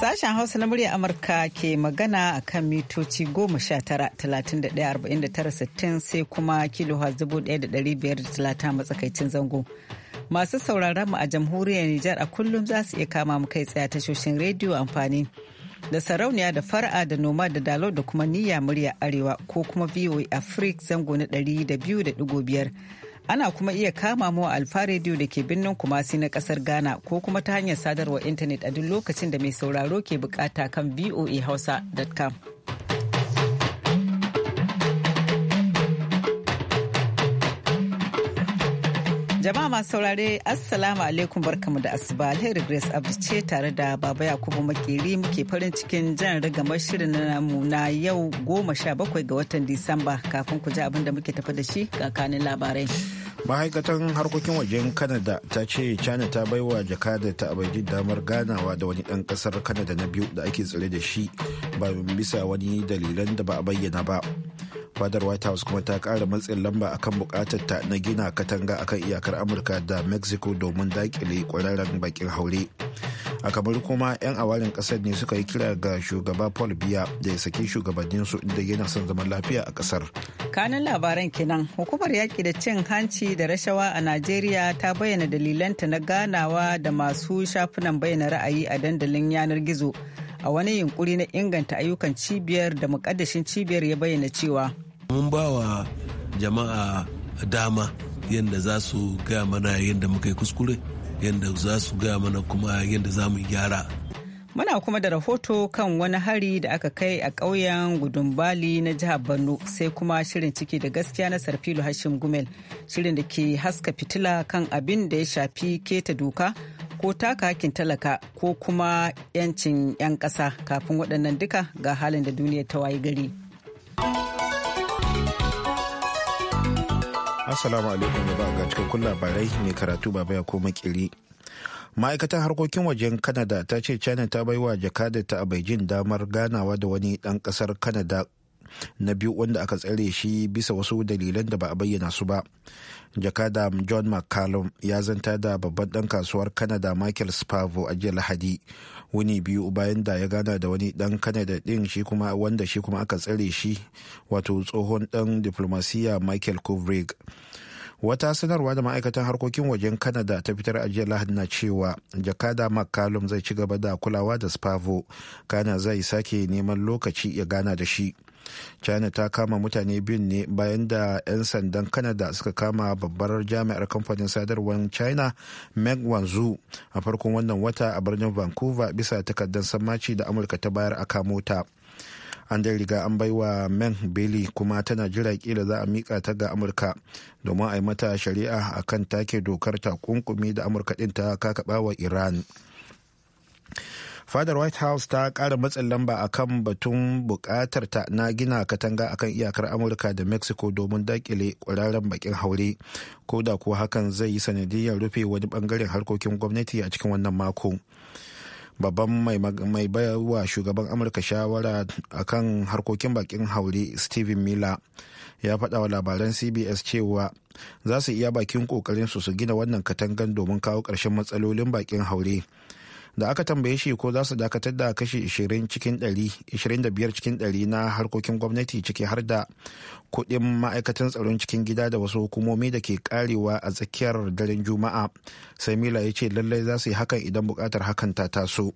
Sashen Hausa na murya Amurka ke magana a kan mitoci 19,31,49,60 sai kuma kilo talata matsakaicin zango. Masu sauraron mu a jamhuriyar Nijar a kullum za su iya kama mu kai tsaya tashoshin rediyo amfani da sarauniya da fara'a da noma da dalo da kuma niyya murya arewa ko kuma VOA Africa zango na 200.5 ana kuma iya kama mu a alfa rediyo da ke birnin kumasi na kasar ghana ko kuma ta hanyar sadarwa intanet a duk lokacin da mai sauraro ke bukata kan voahausa.com Jama'a masu saurare Assalamu alaikum barkamu da asuba Alheri Grace Abdu ce tare da Baba Yakubu Makeri muke farin cikin jan rigamar shirin mu na yau goma sha bakwai ga watan Disamba kafin ku ji abin da muke tafi da shi kakanin labarai. Ma'aikatan harkokin wajen Canada ta ce China ta baiwa jakadar ta abaijin damar ganawa da wani ɗan ƙasar Canada na biyu da ake tsare da shi ba bisa wani dalilan da ba a bayyana ba. fadar white house kuma ta kara matsin lamba akan bukatar ta na gina katanga akan iyakar amurka da mexico domin dakile kwararren bakin haure a kamar kuma 'yan awarin kasar ne suka yi kira ga shugaba paul biya da ya saki shugabannin su inda yana son zaman lafiya a kasar kanan labaran kenan hukumar yaki da cin hanci da rashawa a najeriya ta bayyana dalilanta na ganawa da masu shafunan bayyana ra'ayi a dandalin yanar gizo a wani yunkuri na inganta ayyukan cibiyar da mukaddashin cibiyar ya bayyana cewa mun ba wa jama'a dama yadda za su gaya mana yadda muka yi kuskure yadda za su gaya mana kuma yadda za mu gyara Muna kuma da rahoto kan wani hari da aka kai a ƙauyen Gudumbali na jihar Borno sai kuma shirin ciki da gaskiya na Sarfilu Hashim Gumel shirin da ke haska fitila kan abin da ya shafi keta doka ko taka hakin talaka ko kuma 'yancin 'yan ƙasa kafin waɗannan duka ga halin da duniya ta wayi gari. Assalamu alaikum da ga cikakkun labarai mai karatu ba ya ko kiri. Ma'aikatar harkokin wajen Canada ta ce China ta bai wa ta a Beijing damar ganawa da wani dan kasar Canada na biyu wanda aka tsare shi bisa wasu dalilan da ba a bayyana su ba. Jakada John McCallum ya zanta da babban dan kasuwar Canada Michael Spavo a jiya Lahadi wuni biyu bayan da ya gana da wani dan kanada din shi kuma wanda shi kuma aka tsare shi wato tsohon dan diplomasiya michael kovrig wata sanarwa da ma'aikatan harkokin wajen kanada ta fitar a jiya lahadi na cewa jakada mccallum zai ci gaba da kulawa da spavo kana zai sake neman lokaci ya gana da shi china ta kama mutane biyun ne bayan da 'yan sandan canada suka kama babbar jami'ar kamfanin sadarwar china meg wanzu a farkon wannan wata a birnin vancouver bisa takardar sammaci da amurka ta bayar a kamo ta an dai riga an baiwa men beli kuma tana jira kila za a mika ta ga amurka domin a yi mata shari'a akan take dokar takunkumi da amurka din ta kakaba wa iran fadar white house ta kara matsin lamba a kan batun bukatar ta na gina katanga a kan iyakar amurka da mexico domin dakile kwararren bakin haure ko da kuwa hakan zai yi sanadiyar rufe wani bangaren harkokin gwamnati a cikin wannan mako babban mai baiwa shugaban amurka shawara akan harkokin bakin haure steven miller ya faɗa wa labaran cbs cewa za su iya bakin kokarin su su gina wannan katangan domin kawo ƙarshen matsalolin bakin haure da aka tambaye shi ko za su dakatar da kashi 20 cikin 25 cikin 100 na harkokin gwamnati ciki har da kuɗin ma'aikatan tsaron cikin gida da wasu hukumomi da ke karewa a tsakiyar daren juma'a sai mila ya ce lallai za su yi hakan idan buƙatar hakan ta taso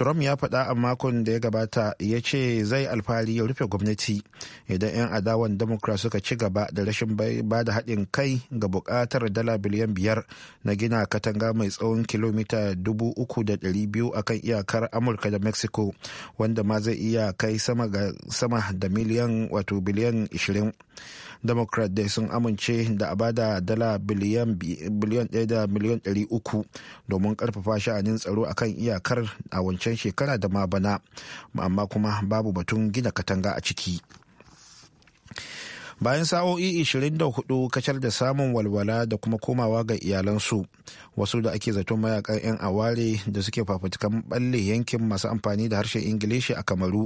Trump ya faɗa a makon da ya gabata ya ce zai alfahari ya rufe gwamnati idan 'yan adawan Democrat suka ci gaba da rashin ba da haɗin kai ga buƙatar dala biliyan biyar na gina katanga mai tsawon kilomita dubu uku da ɗari biyu a kan iyakar Amurka da Mexico wanda ma zai iya kai sama da miliyan wato biliyan 20. democrat dai sun amince da a bada dala biliyan 1 da miliyan 300 domin karfafa sha'anin tsaro a kan iyakar a wancan shekara da ma bana amma kuma babu batun gina katanga a ciki bayan sa'o'i 24 kacal da samun walwala da kuma komawa ga iyalansu wasu da ake zaton mayakan 'yan aware da suke fafutukan balle yankin masu amfani da harshen ingilishi a kamaru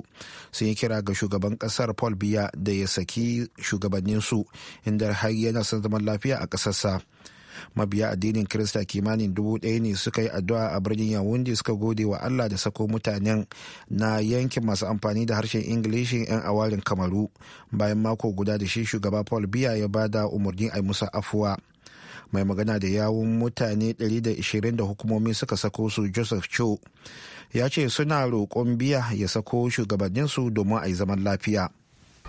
sun yi kira ga shugaban kasar paul biya da ya saki shugabanninsu inda har yana son zaman lafiya a ƙasarsa. mabiya addinin kirista kimanin dubu ɗaya ne suka yi addu'a a birnin yawundi suka gode wa allah da sako mutanen na yankin masu amfani da harshen ingilishin 'yan awarin kamaru bayan mako guda da shi shugaba paul biya ya bada umarni a musa afuwa mai magana da yawun mutane 120 da hukumomi suka sako su joseph cho ya ce suna roƙon biya ya sako shugabanninsu domin a yi zaman lafiya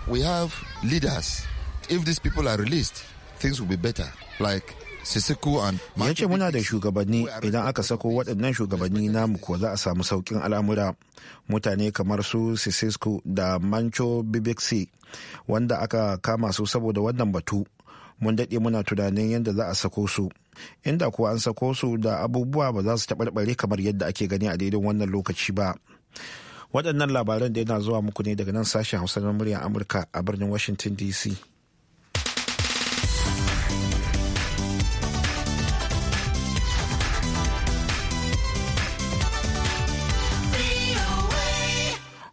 we have leaders if these people are released things will be better like ya ce muna da shugabanni idan aka sako waɗannan shugabanni namu ko za a samu saukin al'amura mutane kamar su sisisku da mancho bibixi wanda aka kama su saboda wannan batu mun daɗe muna tunanin yadda za a sako su inda kuwa an sako su da abubuwa ba za su taɓarɓare kamar yadda ake gani a daidai wannan lokaci ba waɗannan labaran da yana zuwa muku ne daga nan sashen hausa na muryar amurka a birnin washington dc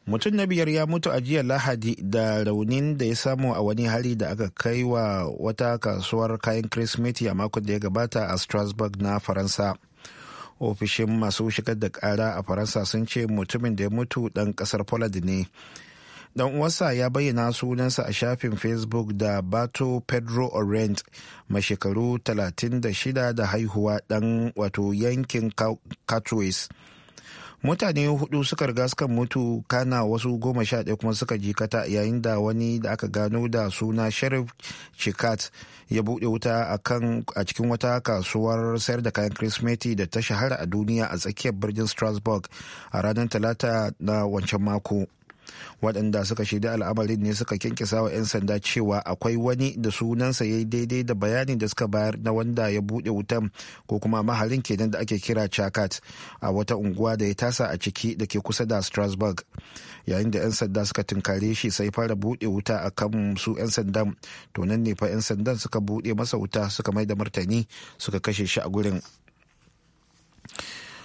mutum na biyar ya mutu a jiya lahadi da raunin da ya samu a wani hari da aka kai wa wata kasuwar kayan kirismeti a makon da ya gabata a strasbourg na faransa ofishin masu shigar da kara a faransa sun ce mutumin da ya mutu dan kasar poland ne dan uwarsa ya bayyana sunansa a shafin facebook da bato pedro orient mai shekaru 36 da haihuwa dan wato yankin Katowice. mutane hudu suka riga suka mutu kana wasu goma sha ɗaya kuma suka jikata yayin da wani da aka gano da suna sharif chikat ya buɗe wuta a cikin wata kasuwar sayar da kayan kirismeti da ta shahara a duniya a tsakiyar birnin strasbourg a ranar talata na wancan mako waɗanda suka shirya al'amarin ne suka kyankyasa wa 'yan sanda cewa akwai wani da sunansa ya yi daidai da bayanin da suka bayar na wanda ya buɗe wutan ko kuma maharin kenan da ake kira chakat a wata unguwa da ya tasa a ciki da ke kusa da strasbourg yayin da 'yan sanda suka tunkare shi sai fara buɗe wuta a kan su 'yan sandan to nan ne fa 'yan sandan suka buɗe masa wuta suka mai da martani suka kashe shi a gurin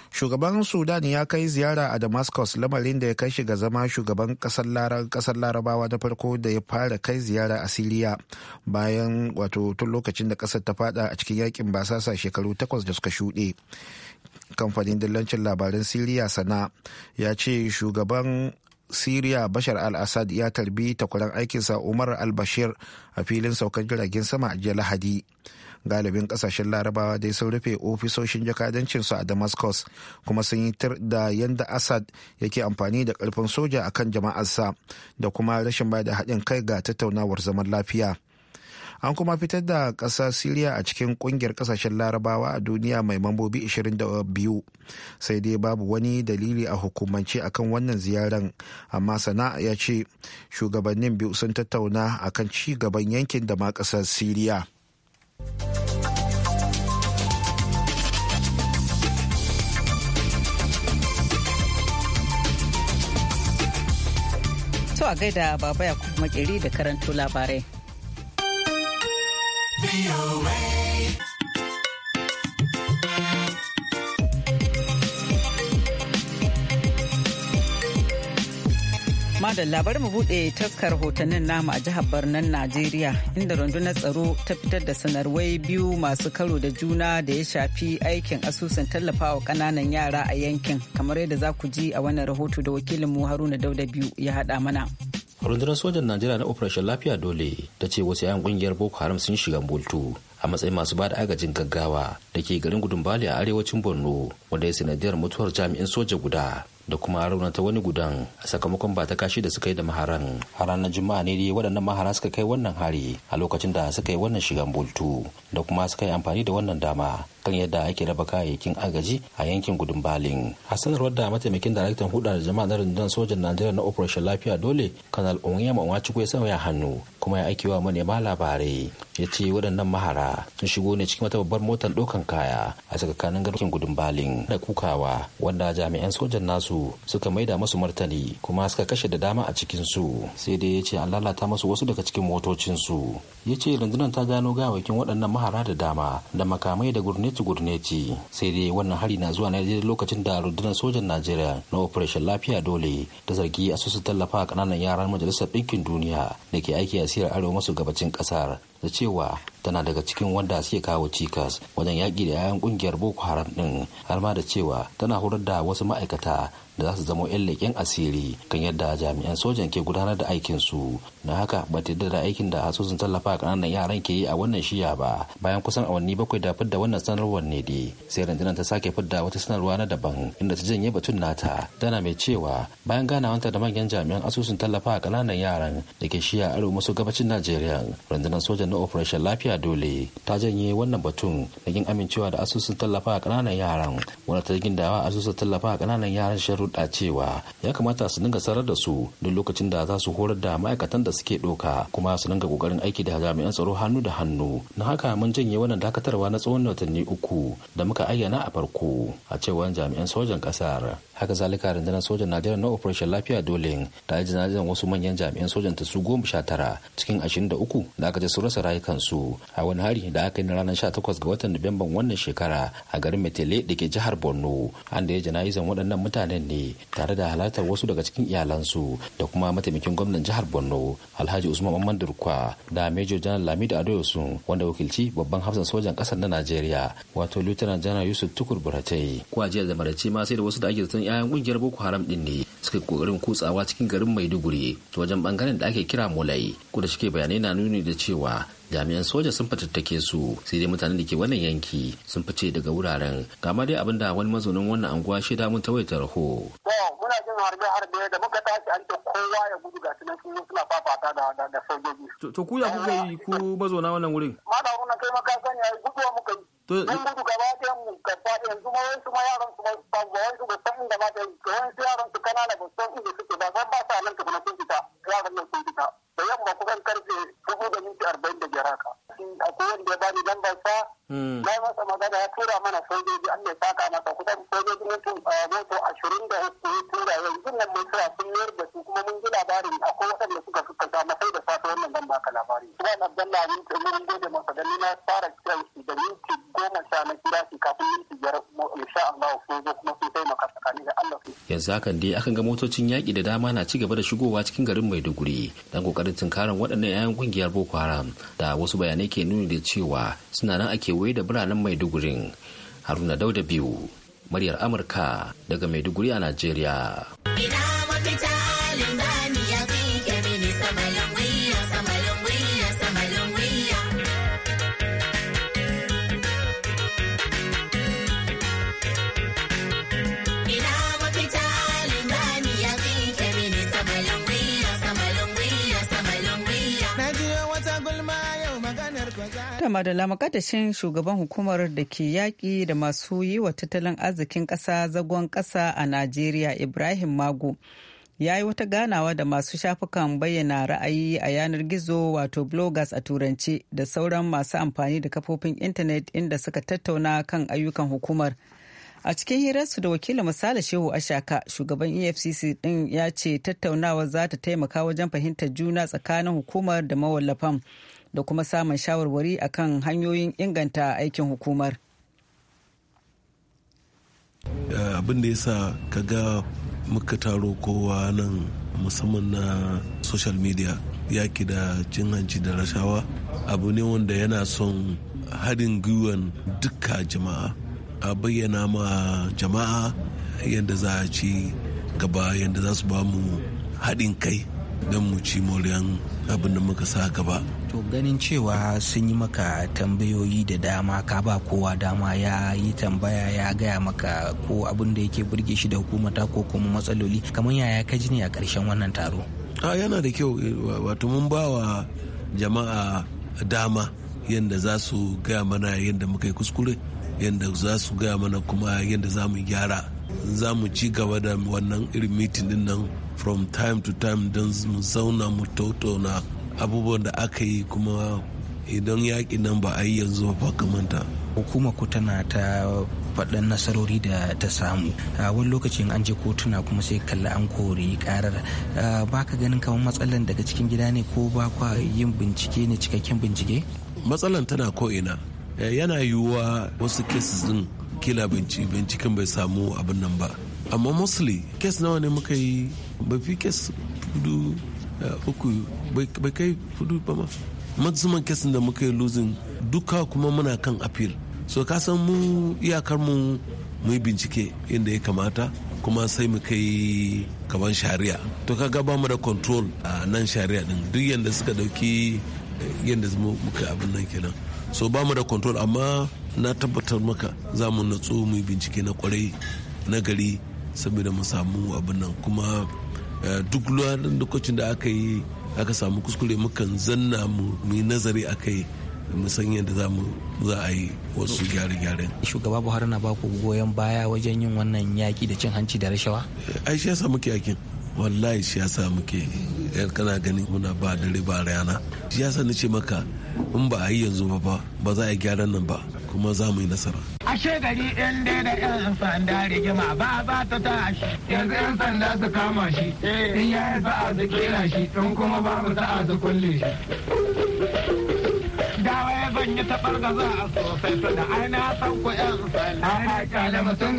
shugaban sudan ya kai ziyara a damascus lamarin da ya kai shi ga zama shugaban kasar larabawa na farko da ya fara kai ziyara a siriya bayan wato tun lokacin da kasar ta fada a cikin yakin basasa shekaru takwas da suka shuɗe kamfanin dillancin labaran siriya sana ya ce shugaban siriya bashar al-assad ya tarbi takwaran aikinsa umar al-bashir a filin saukan jiragen sama a jiya lahadi galibin kasashen larabawa dai sun rufe ofisoshin jakadancinsu a damascus kuma sun yi tir da yadda assad yake amfani da karfin soja akan jama'arsa da kuma rashin bai da haɗin kai ga tattaunawar zaman lafiya an kuma fitar da ƙasa siriya a cikin ƙungiyar ƙasashen larabawa a duniya mai mambobi 22 sai dai babu wani dalili a hukumance akan wannan ziyaran amma sana'a ya ce shugabannin biyu sun tattauna akan ci gaban yankin da ma ƙasar siriya To a gaida baba kuma kiri da karanto labarai. da labarin mu bude taskar hotonnin namu a jihar Barnan Najeriya inda rundunar tsaro ta fitar da sanarwai biyu masu karo da juna da ya shafi aikin asusun tallafawa kananan yara a yankin kamar yadda za ku ji a wannan rahoto da wakilin mu Haruna Dauda biyu ya hada mana. rundunar sojan najeriya na operation lafiya dole ta ce wasu 'yan kungiyar boko haram sun shiga bultu a matsayin masu bada agajin gaggawa da ke garin gudun bali a arewacin borno wanda ya sanadiyar mutuwar jami'in soja guda da kuma ta wani gudan a sakamakon ba ta kashi da suka yi da maharan a ranar juma'a ne dai waɗannan mahara suka kai wannan hari a lokacin da suka yi wannan shigan bultu da kuma suka yi amfani da wannan dama kan yadda ake raba kayayyakin agaji a yankin gudun balin a sanarwar da mataimakin daraktan hudu da jama'a na rundunar sojan najeriya na operation lafiya dole kanal onyema onwachukwu ya hannu kuma ya wa manema labarai ya ce waɗannan mahara sun shigo ne cikin wata babbar motar ɗaukan kaya a tsakanin garkin gudun balin da kukawa wanda jami'an sojan nasu suka maida masu martani kuma suka kashe da dama a cikin su sai dai ya ce an lalata masu wasu daga cikin motocin su ya ce rundunar ta gano gawakin waɗannan mahara da dama da makamai da gurneti gurneti sai dai wannan hari na zuwa ne lokacin da rundunar sojan najeriya na operation lafiya dole ta zargi asusun tallafa ƙananan yaran majalisar ɗinkin duniya da ke aiki a shiyar arewa maso gabacin kasar da cewa tana daga cikin wanda suke kawo cikas wajen yaƙi da 'ya'yan ƙungiyar boko haram ɗin har ma da cewa tana horar da wasu ma'aikata da za su zamo 'yan leƙen asiri kan yadda jami'an sojan ke gudanar da aikinsu na haka ba ta da aikin da asusun tallafa ƙananan yaran ke yi a wannan shiya ba bayan kusan awanni bakwai da fidda wannan sanarwar ne dai sai rundunar ta sake fidda wata sanarwa na daban inda ta janye batun nata tana mai cewa bayan ganawanta da manyan jami'an asusun tallafa ƙananan yaran da ke shiya arewa maso gabacin najeriya rundunar sojan na operation lafiya dole ta janye wannan batun da kin amincewa da asusun tallafa ƙananan yaran wanda ta gindawa asusun tallafa ƙananan yaran sharu hulɗa cewa ya kamata su dinga sarar da su duk lokacin da za su horar da ma'aikatan da suke ɗoka kuma su dinga ƙoƙarin aiki da jami'an tsaro hannu da hannu na haka mun janye wannan dakatarwa na tsawon watanni uku da muka ayyana a farko a cewa jami'an sojan ƙasar haka zalika rundunar sojan najeriya na operation lafiya dole ta ajiye jana'izan wasu manyan jami'an sojan ta su goma sha tara cikin ashirin da uku da aka ji su rasa rayukansu a wani hari da aka yi na ranar sha takwas ga watan nuwamban wannan shekara a garin metele da ke jihar borno an da ya jana'izar waɗannan mutanen ne tare da halartar wasu daga cikin iyalansu da kuma mataimakin gwamnan jihar borno alhaji usman mamman durkwa da major general lamidu adoyosu wanda wakilci babban hafsan sojan kasar na nigeria wato lieutenant janar yusuf tukur buratai ko jiya da ma sai da wasu da ake zaton 'ya'yan kungiyar boko haram din ne suka kokarin kutsawa cikin garin maiduguri ta wajen bangaren da ake kira mulai ko da shike bayanai na nuni da cewa jami'an soja sun fatattake su sai dai mutanen da ke wannan yanki sun fice daga wuraren kama dai abinda wani mazaunin wannan anguwa da mun tawaita raho. muna jin harbe-harbe da muka tashi an kowa ya gudu ga sunan sun suna fafata da sojoji. to ku ya kuka yi ku mazauna wannan wurin. ma da kai maka sani ya yi gudu muka yi. To mun muku gaba ɗayan mu gaba ɗayan kuma wani kuma yaran su ba wani su san inda ma da wani su yaran su kanana ba san inda suke ba ban ba sa nan kuma sun fita yaran nan sun fita da yamma kusan karfe dubu da minti arba'in da biyar haka. Akwai wanda ya bani lambar sa. Hmm. Na yi masa magana ya tura mana sojoji an ne saka masa kusan sojoji mutum eh, moto ashirin da uku ya tura yanzu nan mun tura sun yi da su kuma mun ji labarin akwai waɗanda suka suka sa masai da safe wannan ban baka labari. Suwan Abdullahi mun gode masa da ni na fara kiran shi da minti goma sha na kira shi kafin minti sha insha Allah ko zo kuma sun taimaka tsakanin da Allah yanzu hakan dai akan ga motocin yaƙi da dama na cigaba da shigowa cikin garin Maiduguri dan kokarin tunkaran waɗannan 'ya'yan kungiyar Boko Haram da wasu bayanai ke nuni da cewa suna nan ake waye da biranen Maidugurin Haruna Dauda biyu muryar Amurka daga Maiduguri a Najeriya Dalla da makadashin shugaban hukumar da ke yaƙi da masu yi wa tattalin arzikin ƙasa zagon ƙasa a Najeriya Ibrahim Mago ya yi wata ganawa da masu shafukan bayyana ra'ayi a yanar gizo wato bloggers a turance da sauran masu amfani da kafofin intanet inda suka tattauna kan ayyukan hukumar. a cikin hirarsu da wakilin misali shehu ashaka shugaban efcc din ya ce tattaunawa za ta taimaka wajen fahimtar juna tsakanin hukumar da mawallafan da kuma samun shawarwari a kan hanyoyin inganta aikin hukumar eh, abin da ya sa ka ga muka taro kowa nan musamman na social media yaki da cin hanci da rashawa abu ne wanda yana son haɗin gwiwan duka jama'a a bayyana ma jama'a yadda za a ci gaba yadda za su ba mu haɗin kai don mu ci moriyan abin da muka sa gaba. To ganin cewa sun yi maka tambayoyi da dama ka ba kowa dama ya yi tambaya ya gaya maka ko abin da yake burge shi da hukumata ko kuma matsaloli kamar yaya ka ji ne a ƙarshen wannan taro. A yana da kyau eh, wato mun ba wa jama'a dama yadda za su gaya mana yadda muka yi kuskure yadda za su gaya mana kuma yadda za mu gyara za mu ci gaba da wannan irin mitin din nan from time to time don mu zauna mu tautauna abubuwan da aka yi kuma idan yaƙi nan ba a yi yanzu ba kamanta. hukumar ku tana ta faɗin nasarori da ta samu a wani lokacin an je kotuna kuma sai kalla an kori karar ba ka ganin kamar matsalar daga cikin gida ne ko ba kwa yin bincike ne cikakken bincike matsalar tana ko'ina eh, yana yiwuwa wasu cases din kila binciken bai samu abin nan ba amma mostly kes nawa ne muka yi bai fi kes fudu eh, uku bai kai fudu ba ma maximum kesin da muka yi losing duka kuma muna kan appeal so ka san mu iyakar mu mu yi bincike inda ya kamata kuma sai mu kai kaman shari'a to ka gaba mu da control a nan shari'a din duk yadda suka dauki eh, yadda muka abin nan kenan so ba mu da control amma na tabbatar maka za mu natsu mu yi bincike na kwarai na gari saboda mu samu abin nan kuma Eh, duk lokacin da aka yi aka samu kuskure mukan zanna mu yi nazari a kai san yadda za mu za a yi wasu gyare gyare shugaba buhari na baku goyon baya wajen yin wannan yaki da cin hanci da rashawa? Eh, Aisha samu yasa yakin wallahi shi yasa muke yar kana ganin muna ba dare ba rana shi yasa ce maka in ba a yi yanzu ba ba ba za a gyaran nan ba kuma za mu yi nasara a gari yan dai da yan sanda rigima ba ba ta shi yanzu yan sanda su kama shi in ya yi sa'a su kera shi in kuma ba mu sa'a su kulle shi an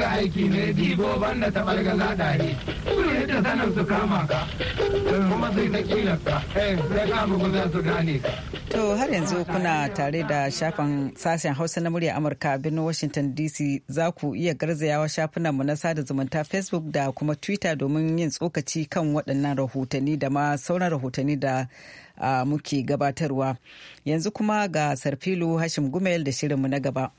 aiki ne To har yanzu kuna tare da shafin sashen Hausa na murya Amurka birnin Washington DC za ku iya garzayawa shafinanmu na sada zumunta Facebook da kuma Twitter domin yin tsokaci kan waɗannan rahotanni da ma sauran rahotanni da muke gabatarwa yanzu kuma ga sarfilu hashim gumel da shirinmu na gaba.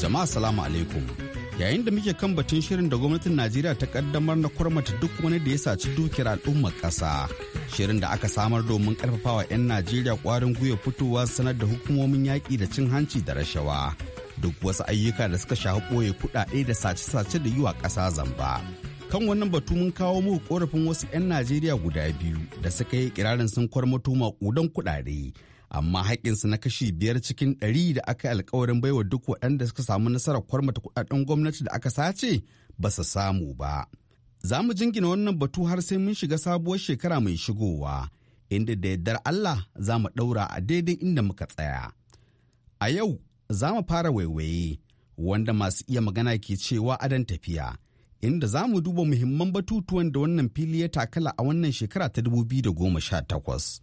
jama'a salamu alaikum yayin da muke kan batun shirin da gwamnatin najeriya ta kaddamar na kurmata duk wani da ya saci dukiyar al'ummar ƙasa shirin da aka samar domin karfafawa 'yan najeriya kwarin gwiwa fitowa sanar da hukumomin yaƙi da cin hanci da rashawa duk wasu ayyuka da suka shafi ɓoye kuɗaɗe da sace-sace da yi wa ƙasa zamba kan wannan batu mun kawo muku korafin wasu 'yan najeriya guda biyu da suka yi kirarin sun kwarmato maƙudan kuɗaɗe amma haƙƙinsu na kashi biyar cikin ɗari da aka yi alkawarin baiwa duk waɗanda suka samu nasarar kwarmata kuɗaɗen gwamnati da aka sace ba su samu ba. Za mu jingina wannan batu har sai mun shiga sabuwar shekara mai shigowa, inda da yardar Allah za mu ɗaura a daidai inda muka tsaya. A yau za mu fara waiwaye, wanda masu iya magana ke cewa adon tafiya, inda za mu duba muhimman batutuwan da wannan fili ya takala a wannan shekara ta 2018.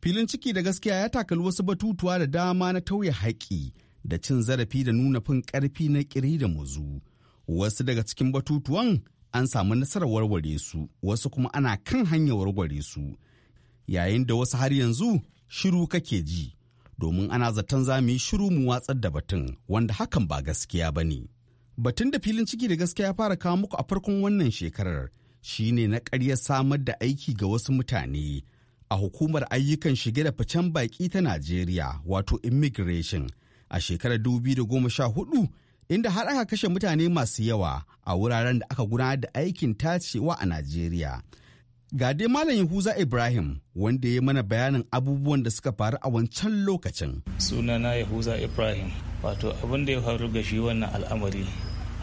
filin ciki da gaskiya ya takali wasu batutuwa da dama na tauye haƙƙi da cin zarafi da nuna fin ƙarfi na ƙiri da muzu wasu daga cikin batutuwan an samu nasarar warware su wasu kuma ana kan hanyar warware su yayin da wasu har yanzu shiru kake ji domin ana zaton za mu yi shiru mu watsar da batun wanda hakan ba gaskiya ba ne batun da filin ciki da gaskiya ya fara kawo muku a farkon wannan shekarar shine na ƙarya samar da aiki ga wasu mutane a hukumar ayyukan shige da ficen baƙi ta Najeriya wato immigration a shekarar 2014 inda har aka kashe mutane masu yawa a wuraren da aka gudanar da aikin tacewa a Najeriya. Ga dai Malam Yahuza Ibrahim wanda ya mana bayanin abubuwan da suka faru a wancan lokacin. Sunana Yahuza Ibrahim wato abin da ya faru ga shi wannan al'amari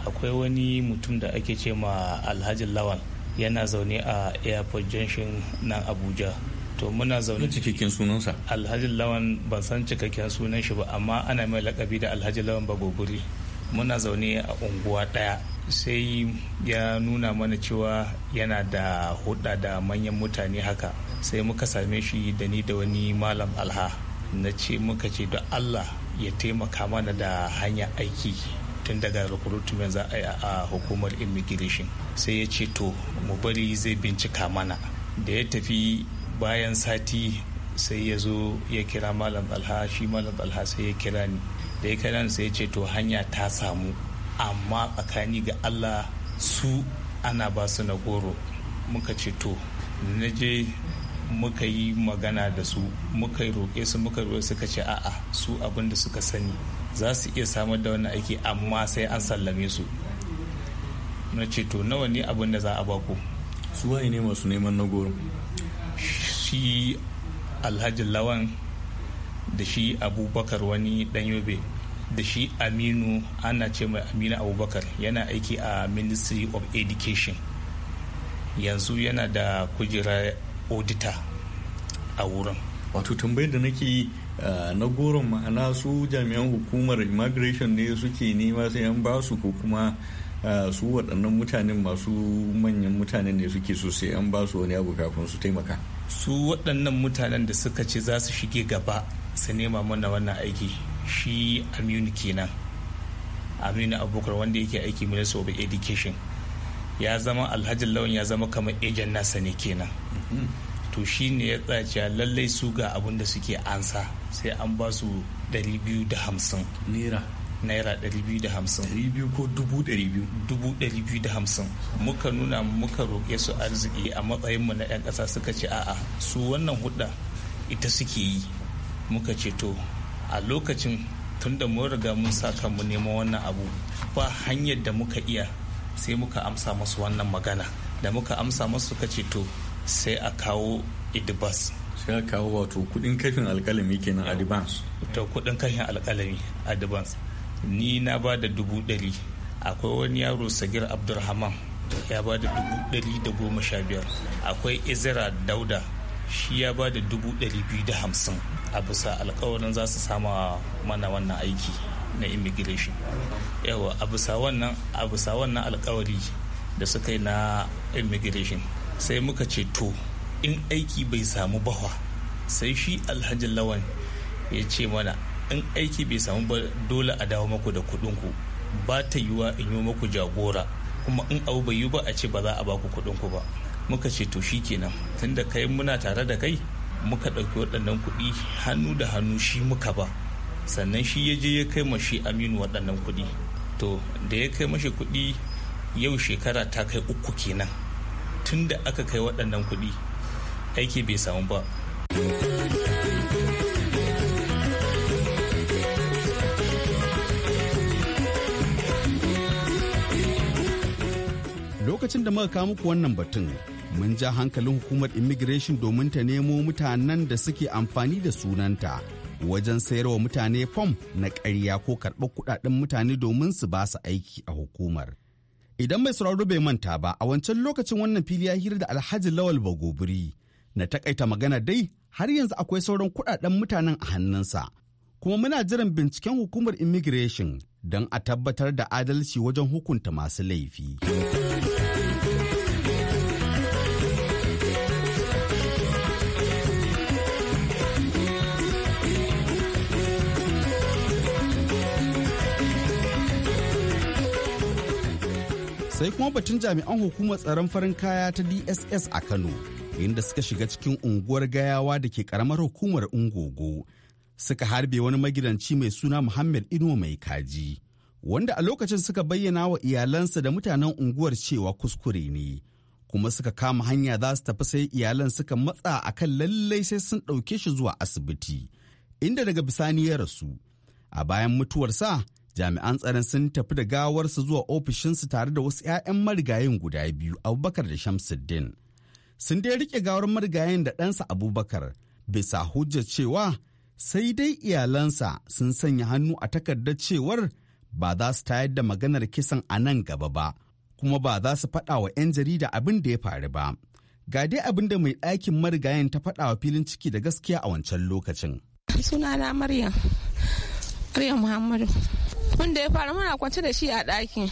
akwai wani mutum da ake ce ma Alhaji Lawal yana zaune a Airport Junction nan Abuja. to muna zaune cikakken sunansa alhaji lawan ban san cikakken sunan shi ba amma ana mai lakabi da alhaji lawan bagoguri muna zaune a unguwa daya sai ya nuna mana cewa yana da hudda da manyan mutane haka sai muka same shi da ni da wani malam alha na ce muka ce da allah ya taimaka mana da hanya aiki tun daga recruitment za a yi a hukumar immigration sai ya ce to mu bari zai bincika mana da ya tafi bayan sati sai ya zo ya kira malam ɗalha shi malam ɗalha sai ya kira ni da ya kira ni sai ya ce to hanya ta samu amma tsakani ga allah su ana ba su na goro muka ce to na je muka yi magana da su muka roƙe su muka roƙe suka ce a'a su abin da suka sani za su iya samar da wani aiki amma sai an sallame su na ce to nawa ne abin da za a baku su waye ne masu neman na goro shi alhaji lawan da shi abubakar wani dan yobe da shi aminu ana ce mai aminu abubakar yana aiki a ministry of education yanzu yana da kujera odita a wurin wato tambayar da nake yi eh, na goron ma'ana su jami'an hukumar immigration ne suke nema sai yan ba su ko kuma eh, su waɗannan mutanen masu manyan mutane ne suke sosai sai an ba su wani abu kafin su taimaka su waɗannan mutanen da suka ce za su shige gaba su nema mana wannan aiki shi aminu kenan aminu abubakar wanda yake aiki minister of education ya zama alhaji lawan ya zama kamar ejen nasa ne kenan mm-hmm. to shi ne ya tsaci lallai su ga abin da suke ansa sai an ba su 250 naira naira 250 ko 250 muka nuna muka roƙe su arziki a matsayinmu na 'yan ƙasa suka ce a'a su wannan hudda ita suke yi muka ce to a lokacin tunda mun riga mun sa kanmu neman wannan abu ba hanyar da muka iya sai muka amsa masu wannan magana da muka amsa masu suka ce to sai a kawo idibas sai a kawo wato kudin kafin alkalami kenan advance to kudin kafin alkalami advance ni na ba da dubu ɗari akwai wani yaro sagir abdulrahman ya ba da dubu ɗari da goma sha biyar akwai izira dauda shi ya ba da dubu ɗari biyu da hamsin a bisa alkawarin za su sama mana wannan aiki na immigration yawa a bisa wannan a alkawari da suka yi na immigration sai muka ce to in aiki bai samu bahwa sai shi alhaji lawan ya ce mana in aiki bai samu ba dole a dawo maku da kuɗin ku ba ta yiwa in yi maku jagora kuma in abu bai yi ba a ce ba za a ba kuɗin ku ba muka ce to shi kenan tunda kai muna tare da kai muka ɗauki waɗannan kuɗi hannu da hannu shi muka ba sannan shi ya je ya kai ma shi aminu waɗannan kuɗi to da ya kai mashi kuɗi yau shekara ta kai uku kenan tunda aka kai waɗannan kuɗi aiki bai samu ba. lokacin da muka kawo muku wannan batun mun ja hankalin hukumar immigration domin ta nemo mutanen da suke amfani da sunanta wajen sayarwa mutane fom na ƙarya ko karɓar kuɗaɗen mutane domin su ba su aiki a hukumar. Idan mai sauraro bai manta ba a wancan lokacin wannan fili ya hira da Alhaji Lawal Bagobiri na takaita magana dai har yanzu akwai sauran kuɗaɗen mutanen a hannunsa. Kuma muna jiran binciken hukumar immigration don a tabbatar da adalci wajen hukunta masu laifi. sai kuma batun jami'an hukumar tsaron farin kaya ta dss a kano inda suka shiga cikin unguwar gayawa da ke karamar hukumar ungogo suka harbe wani magidanci mai suna muhammad ino mai kaji wanda a lokacin suka bayyana wa iyalansa da mutanen unguwar cewa kuskure ne kuma suka kama hanya za su tafi sai iyalan suka matsa akan lallai sai sun ɗauke shi zuwa asibiti inda daga bisani ya rasu a bayan mutuwarsa jami'an tsaron sun tafi da su zuwa ofishinsu tare da wasu 'ya'yan marigayen guda biyu abubakar da shamsuddin sun dai rike gawar marigayen da ɗansa abubakar bisa hujjar cewa sai dai iyalansa sun sanya hannu a takardar cewar ba za su tayar da maganar kisan a nan gaba ba kuma ba za su faɗa wa 'yan jarida abin da ya faru ba ga dai abin da mai ɗakin marigayen ta faɗa wa filin ciki da gaskiya a wancan lokacin sunana maryam maryam muhammadu wanda ya fara muna kwance da shi a daki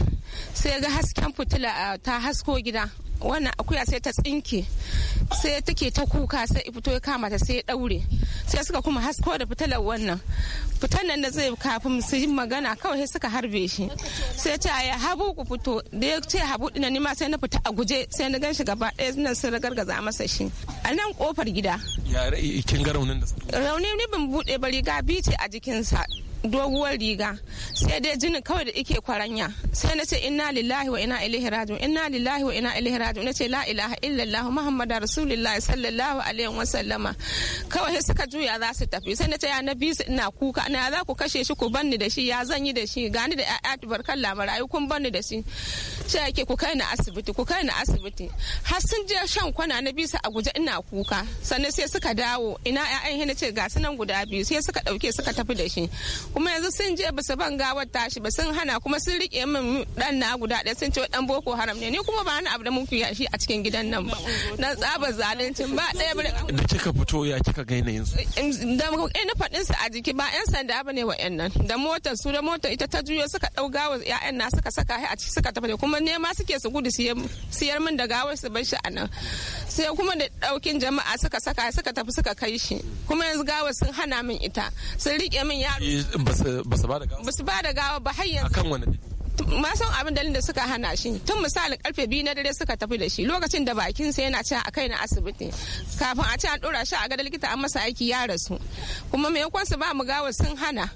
sai ga hasken fitila ta hasko gida wannan akuya sai ta tsinke sai take ta kuka sai fito ya kama ta sai ya daure sai suka kuma hasko da fitilar wannan fitan nan da zai kafin su yi magana kawai sai suka harbe shi sai ta ya habu ku fito da ya ce habu dinan ni ma sai na fita a guje sai na ganshi gaba ɗaya nan sun ragargaza masa shi a nan kofar gida ya kin ga raunin da raunin ni ban bude ba riga bice a jikinsa doguwar riga sai dai jini kawai da ike kwaranya sai na ce inna lillahi wa ina ilaihi raji'un inna lillahi wa ina ilaihi raji'un nace la ilaha illallah muhammadar rasulullahi sallallahu alaihi wa sallama kawai sai suka juya za su tafi sai na ce ya nabi ina kuka ina za ku kashe shi ku banni da shi ya zan yi da shi gani da ƴaƴa barkan lamarayu kun banni da shi ce yake ku kai na asibiti ku kai na asibiti har sun je shan kwana na bisa a guje ina kuka sannan sai suka dawo ina ya'ya hina ce ga sunan guda biyu sai suka ɗauke suka tafi da shi kuma yanzu sun je ba su ban gawar tashi ba sun hana kuma sun rike min dan na guda ɗaya sun ce dan boko haram ne ni kuma ba ni abu da mun fiya shi a cikin gidan nan ba na tsaba zaluncin ba ɗaya ba da kika fito ya kika ga yanayin su da na faɗin su a jiki ba yan sanda ba ne wa yan nan da motar su da motar ita ta juyo suka ɗau gawar ƴaƴan na suka saka a ciki suka tafi kuma ne ma suke su gudu siyar min da gawar su bar shi a nan sai kuma da ɗaukin jama'a suka saka suka tafi suka kai shi kuma yanzu gawar sun hana min ita sun rike min yaro eh, ba su ba da gawa ba su ba da gawa ba har yanzu akan wani ma san abin dalilin da suka hana shi tun misali karfe biyu na dare suka tafi da shi lokacin da bakin sa yana cewa a kai na asibiti kafin a ce an dora shi a ga likita an masa aiki ya rasu kuma me yakon su ba mu gawa sun hana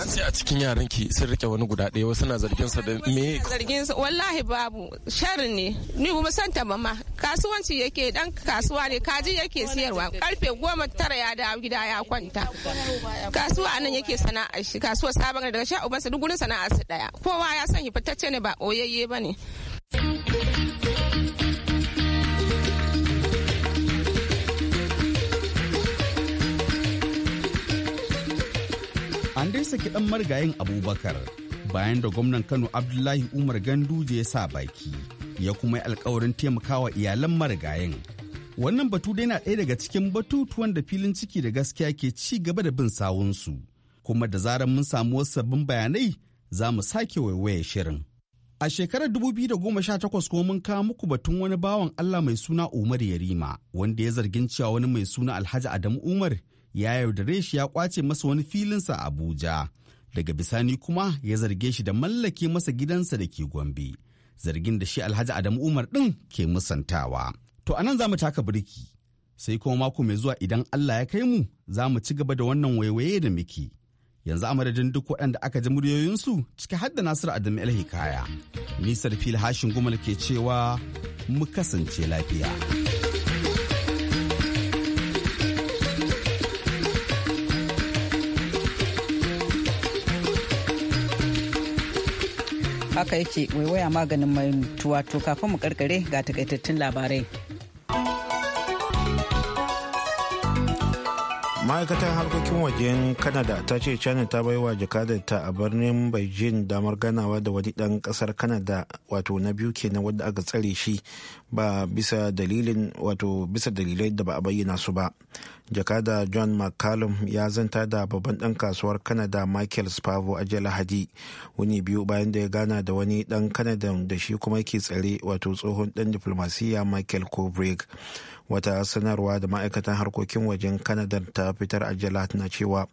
an ce a cikin yaran ki sun rike wani guda ɗaya wasu na zargin sa da me zargin sa wallahi babu sharri ne ni ba san ta ba ma kasuwanci yake dan kasuwa ne kaji yake siyarwa karfe goma tara ya dawo gida ya kwanta kasuwa anan yake sana'a shi kasuwa sabon daga sha sa duk gurin sana'a su daya kowa ya san hifatacce ne ba oyayye bane an dai saki dan marigayin abubakar bayan da gwamnan kano abdullahi umar ganduje ya sa baki ya kuma yi alkawarin taimakawa iyalan marigayin. Wannan batu dai na ɗaya daga cikin batutuwan da filin ciki da gaskiya ke ci gaba da bin sawunsu, kuma da zarar mun samu wasu sabbin bayanai za mu sake waiwaye shirin. A shekarar dubu biyu da goma sha takwas, kuma mun kawo muku batun wani bawan Allah mai suna Umar Yarima, wanda ya zargin cewa wani mai suna Alhaji Adamu Umar ya yaudare shi ya kwace masa wani filinsa a Abuja. Daga bisani kuma ya zarge shi da mallake masa gidansa da ke Gombe. zargin da shi alhaji adamu umar ɗin ke musantawa to a nan za mu taka birki sai kuma mako mai zuwa idan allah ya kai mu za mu ci gaba da wannan waiwaye da muke yanzu a duk waɗanda aka ji muryoyinsu ciki har da nasiru adamu el hikaya nisar fil hashin gumal ke cewa mu kasance lafiya. haka yake mai waya maganin mai tuwa to kafin mu karkare ga takaitattun labarai ma'aikatar harkokin wajen canada ta ce china ta bai wa baiwa ta a birnin beijing damar ganawa da wani dan kasar canada wato na biyu kenan wanda aka tsare shi ba bisa dalilin wato bisa dalilai da ba a bayyana su ba jakada john mccallum ya zanta da babban dan kasuwar canada michael spavo a jiya lahadi wani biyu bayan da ya gana da wani dan canada da shi kuma ke tsare wato tsohon dan diplomasiya michael kubrick wata sanarwa da ma'aikatan harkokin wajen kanada ta fitar a jiya na cewa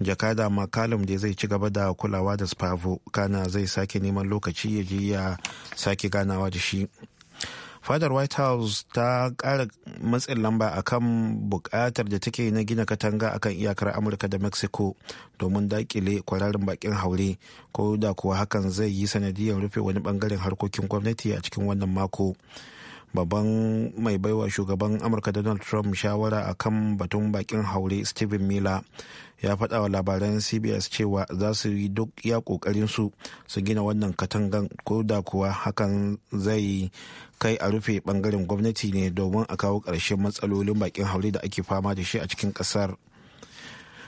jakada makalum da zai ci gaba da kulawa da spavo kana zai sake neman lokaci ya je ya sake ganawa da shi fadar white house ta kara matsin lamba akan bukatar da take na gina katanga akan iyakar amurka da mexico domin dakile kwararin bakin haure ko da kuwa hakan zai yi sanadiyar rufe wani bangaren harkokin gwamnati a cikin wannan mako babban mai baiwa shugaban amurka donald trump shawara a kan batun bakin haure steven miller ya faɗa wa labaran cbs cewa za su yi duk ya ƙoƙarinsu su su gina wannan katangan ko da kuwa hakan zai kai a rufe bangaren gwamnati ne domin a kawo ƙarshen matsalolin bakin haure da ake fama da shi a cikin ƙasar.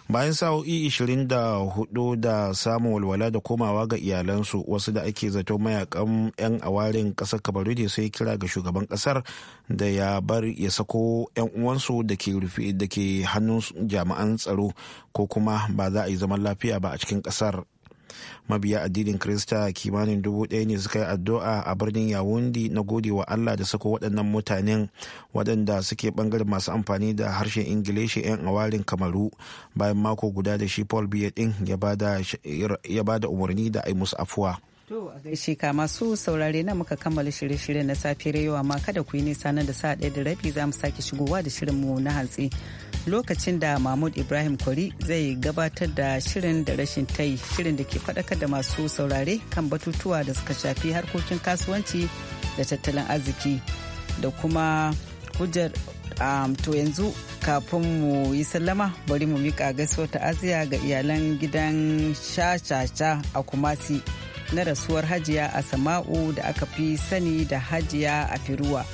bayan sa'o'i 24 da samun walwala da komawa ga iyalansu wasu da ake zato mayakan 'yan awarin kasar kabaru da sai kira ga shugaban kasar da ya bar ya sako 'yan uwansu da ke rufe da ke hannun jami'an tsaro ko kuma ba za a yi zaman lafiya ba a cikin kasar mabiya addinin krista kimanin dubu ɗaya ne suka yi addu'a a birnin yawundi na gode wa allah da sako waɗannan mutanen waɗanda suke ɓangaren masu amfani da harshen ingilishi 'yan awarin kamaru bayan mako guda da shi paul biya ɗin ya ba da umarni da ai musu afuwa To a gaishe ka masu saurare na muka kammala shirye-shiryen na safiyar yau amma kada ku yi nisa nan da sa ɗaya da rabi za mu sake shigowa da shirinmu na hantsi lokacin da Mahmud Ibrahim Kwari zai gabatar da shirin da rashin tai shirin da ke faɗakar da masu saurare kan batutuwa da suka shafi harkokin kasuwanci da tattalin arziki da kuma hujjar to yanzu kafin mu yi sallama bari mu miƙa gaisuwar ta'aziya ga iyalan gidan shashasha a kumasi na rasuwar hajiya a sama'u da aka fi sani da hajiya a firuwa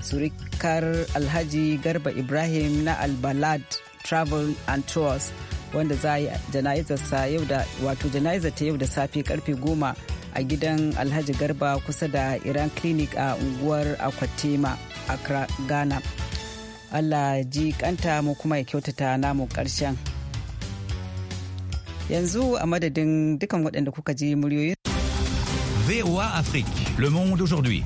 surikar alhaji garba ibrahim na albalad travel and tours wanda za a yi jana'izar ta yau da safe karfe goma a gidan alhaji garba kusa da iran clinic a unguwar akwatema a ghana allah ji kanta mu kuma ya kyautata namu karshen yanzu a madadin dukan waɗanda kuka ji muryoyin BOA Afrique. Le monde aujourd'hui.